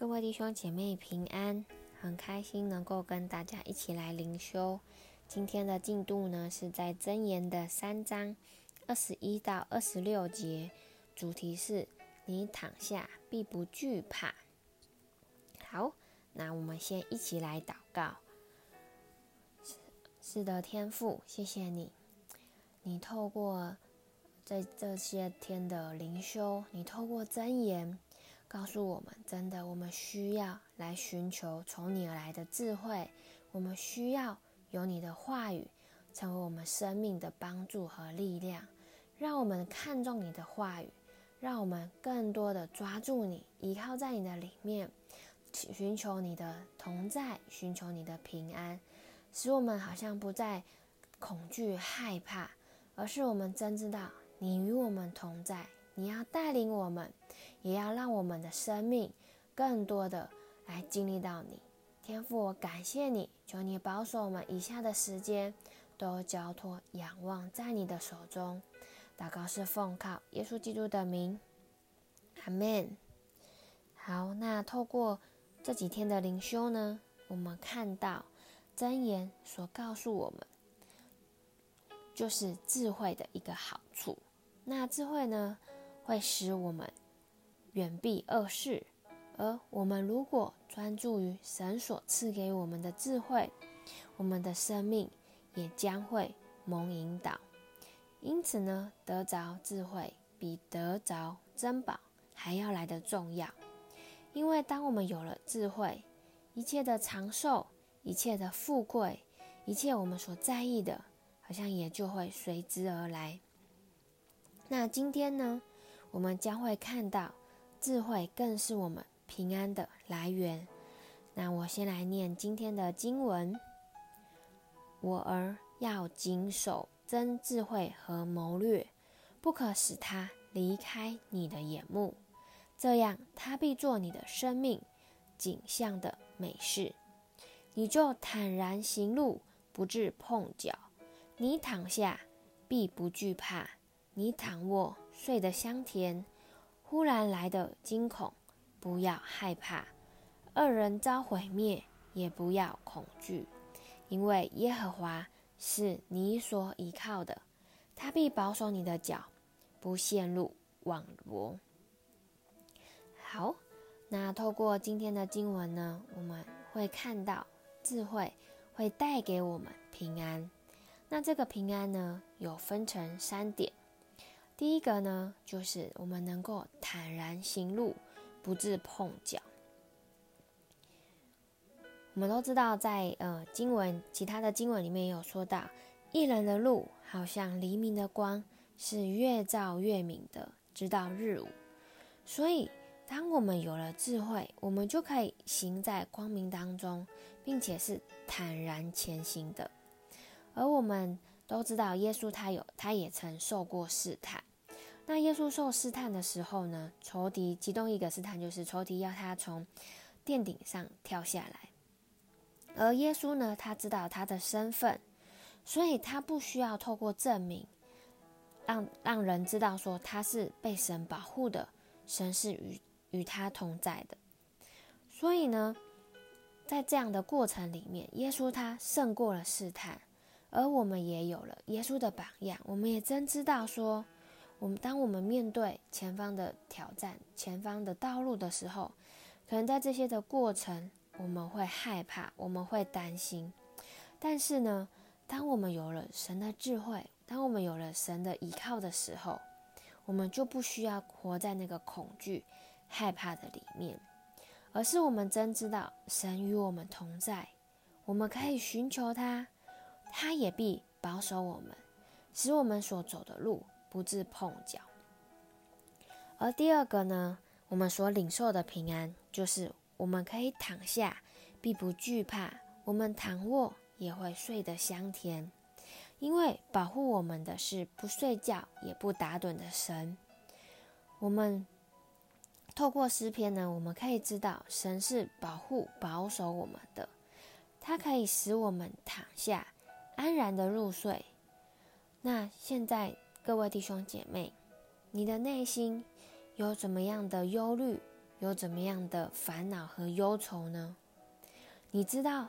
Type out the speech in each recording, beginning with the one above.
各位弟兄姐妹平安，很開心能夠跟大家一起來靈修。今天的進度呢是在箴言的三章二十一到二十六節，主題是“你躺下必不懼怕”。好，那我們先一起來禱告。是，是的，天父，謝謝你。你透過在這，這些天的靈修，你透過箴言。告訴我們，真的，我們需要來尋求從你而來的智慧。我們需要有你的話語，成為我們生命的幫助和力量。讓我們看重你的話語，讓我們更多的抓住你，依靠在你的裡面，尋求你的同在，尋求你的平安，使我們好像不再恐懼害怕，而是我們真知道你與我們同在，你要帶領我們。也要讓我們的生命更多的來經歷到你。天父，我感謝你，求你保守我們以下的時間，都交托仰望在你的手中。禱告是奉靠耶穌基督的名，阿門。好，那透過這幾天的靈修呢，我們看到箴言所告訴我們，就是智慧的一個好處。那智慧呢，會使我們。遠避惡事，而我們如果專注於神所賜給我們的智慧，我們的生命也將會蒙引導。因此呢，得着智慧比得着珍寶還要來得重要，因為當我們有了智慧，一切的長壽、一切的富貴、一切我們所在意的，好像也就會隨之而來。那今天呢，我們將會看到。智慧更是我們平安的來源。那我先來念今天的經文：我兒要謹守真智慧和謀略，不可使他離開你的眼目，這樣他必做你的生命景象的美事，你就坦然行路，不致碰腳；你躺下必不懼怕，你躺臥睡得香甜。忽然來的驚恐，不要害怕；惡人遭毀滅，也不要恐懼，因為耶和華是你所依靠的，他必保守你的腳，不陷入網羅。好，那透過今天的經文呢，我們會看到智慧會帶給我們平安。那這個平安呢，有分成三點。第一個呢，就是我們能夠坦然行路，不致碰腳。我們都知道在，在呃經文其他的經文裡面也有說到，義人的路好像黎明的光，是越照越明的，直到日午。所以，當我們有了智慧，我們就可以行在光明當中，並且是坦然前行的。而我們都知道，耶穌他有，他也曾受過試探。那耶穌受試探的時候呢，仇敵其中一個試探，就是仇敵要他從殿頂上跳下來。而耶穌呢，他知道他的身份，所以他不需要透過證明讓讓人知道說他是被神保護的，神是與與他同在的。所以呢，在這樣的過程裡面，耶穌他勝過了試探，而我們也有了耶穌的榜樣，我們也真知道說。我們當我們面對前方的挑戰、前方的道路的時候，可能在這些的過程，我們會害怕，我們會擔心。但是呢，當我們有了神的智慧，當我們有了神的依靠的時候，我們就不需要活在那個恐懼、害怕的裡面，而是我們真知道神與我們同在，我們可以尋求他，他也必保守我們，使我們所走的路。不致碰腳。而第二個呢，我們所領受的平安，就是我們可以躺下，並不懼怕；我們躺臥也會睡得香甜，因為保護我們的是不睡覺也不打盹的神。我們透過詩篇呢，我們可以知道，神是保護、保守我們的，他可以使我們躺下，安然的入睡。那現在。各位弟兄姐妹，你的內心有怎麼樣的憂慮，有怎麼樣的煩惱和憂愁呢？你知道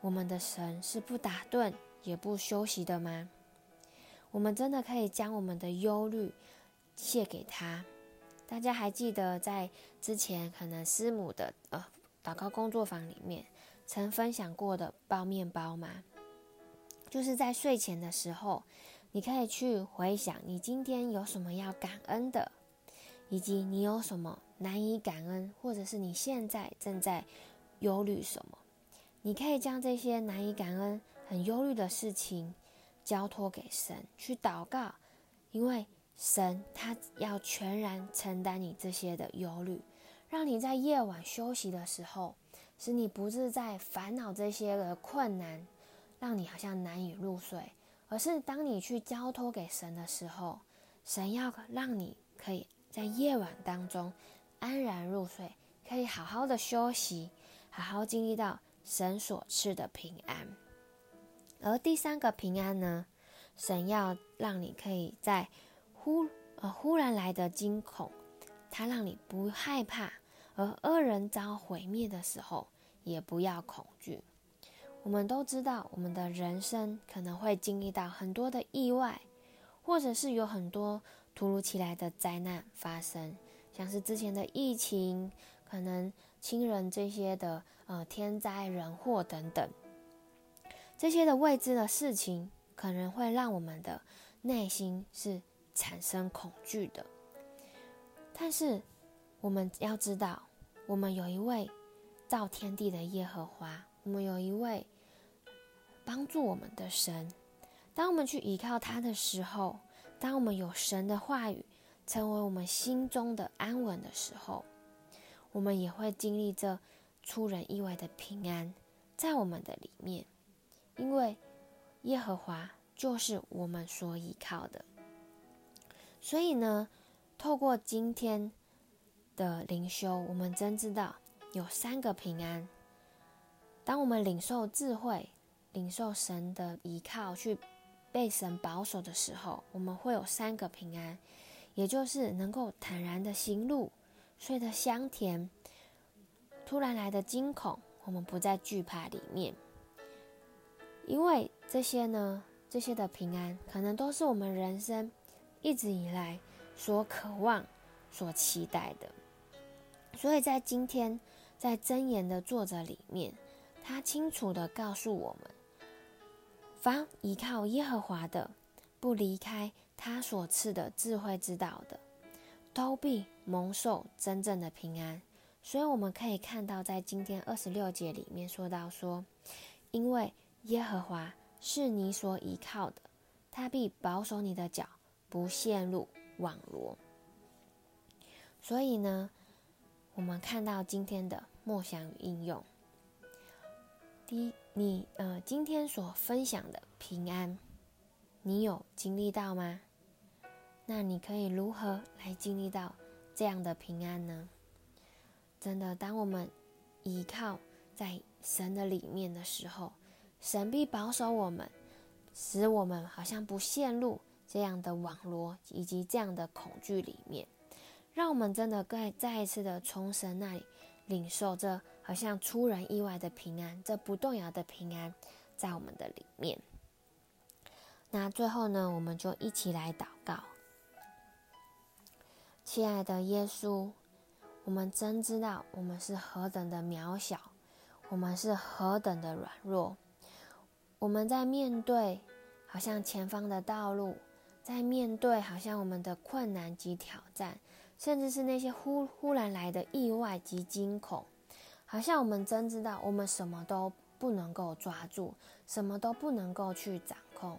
我們的神是不打盹也不休息的嗎？我們真的可以將我們的憂慮卸給他。大家還記得在之前可能師母的呃禱告工作坊裡面曾分享過的抱麵包嗎？就是在睡前的時候。你可以去回想你今天有什麼要感恩的，以及你有什麼難以感恩，或者是你現在正在憂慮什麼。你可以將這些難以感恩、很憂慮的事情交托給神去禱告，因為神他要全然承擔你這些的憂慮，讓你在夜晚休息的時候，使你不是在煩惱這些的困難，讓你好像難以入睡。而是當你去交托給神的時候，神要讓你可以在夜晚當中安然入睡，可以好好的休息，好好經歷到神所賜的平安。而第三個平安呢，神要讓你可以在忽呃忽然來的驚恐，他讓你不害怕，而惡人遭毀滅的時候也不要恐懼。我們都知道，我們的人生可能會經歷到很多的意外，或者是有很多突如其來的災難發生，像是之前的疫情，可能親人這些的呃天災人禍等等，這些的未知的事情可能會讓我們的內心是產生恐懼的。但是我們要知道，我們有一位造天地的耶和華。我們有一位幫助我們的神，當我們去依靠他的時候，當我們有神的話語成為我們心中的安穩的時候，我們也會經歷著出人意外的平安在我們的裡面，因為耶和華就是我們所依靠的。所以呢，透過今天的靈修，我們真知道有三個平安。當我們領受智慧、領受神的依靠，去被神保守的時候，我們會有三個平安，也就是能夠坦然的行路、睡得香甜、突然來的驚恐，我們不再懼怕裡面。因為這些呢，這些的平安，可能都是我們人生一直以來所渴望、所期待的。所以在今天，在箴言的作者裡面。他清楚的告訴我們，凡依靠耶和華的，不離開他所賜的智慧之道的，都必蒙受真正的平安。所以我們可以看到，在今天二十六節裡面說到說，因為耶和華是你所依靠的，他必保守你的腳，不陷入網羅。所以呢，我們看到今天的默想與應用。第一，你呃，今天所分享的平安，你有經歷到嗎？那你可以如何來經歷到這樣的平安呢？真的，當我們倚靠在神的裡面的時候，神必保守我們，使我們好像不陷入這樣的網羅以及這樣的恐懼裡面，讓我們真的再再一次的從神那裡領受這。好像出人意外的平安，這不動搖的平安在我們的裡面。那最後呢，我們就一起來禱告。親愛的耶穌，我們真知道我們是何等的渺小，我們是何等的軟弱。我們在面對好像前方的道路，在面對好像我們的困難及挑戰，甚至是那些忽忽然來的意外及驚恐。好像我們真知道，我們什麼都不能夠抓住，什麼都不能夠去掌控，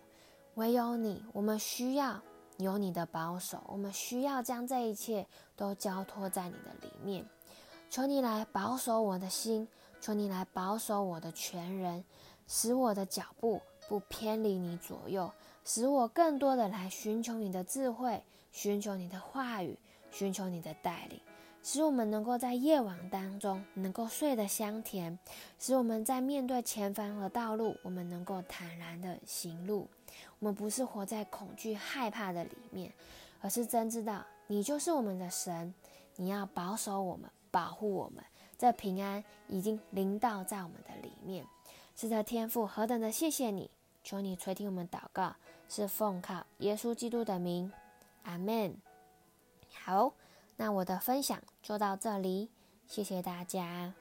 唯有你，我們需要有你的保守，我們需要將這一切都交托在你的裡面，求你來保守我的心，求你來保守我的全人，使我的腳步不偏離你左右，使我更多的來尋求你的智慧，尋求你的話語，尋求你的帶領。使我們能夠在夜晚當中能夠睡得香甜，使我們在面對前方的道路，我們能夠坦然的行路。我們不是活在恐懼、害怕的裡面，而是真知道你就是我們的神，你要保守我們、保護我們。這平安已經臨到在我們的裡面，是的，天父，何等的謝謝你！求你垂聽我們禱告，是奉靠耶穌基督的名，阿門。好。那我的分享就到這裡，謝謝大家。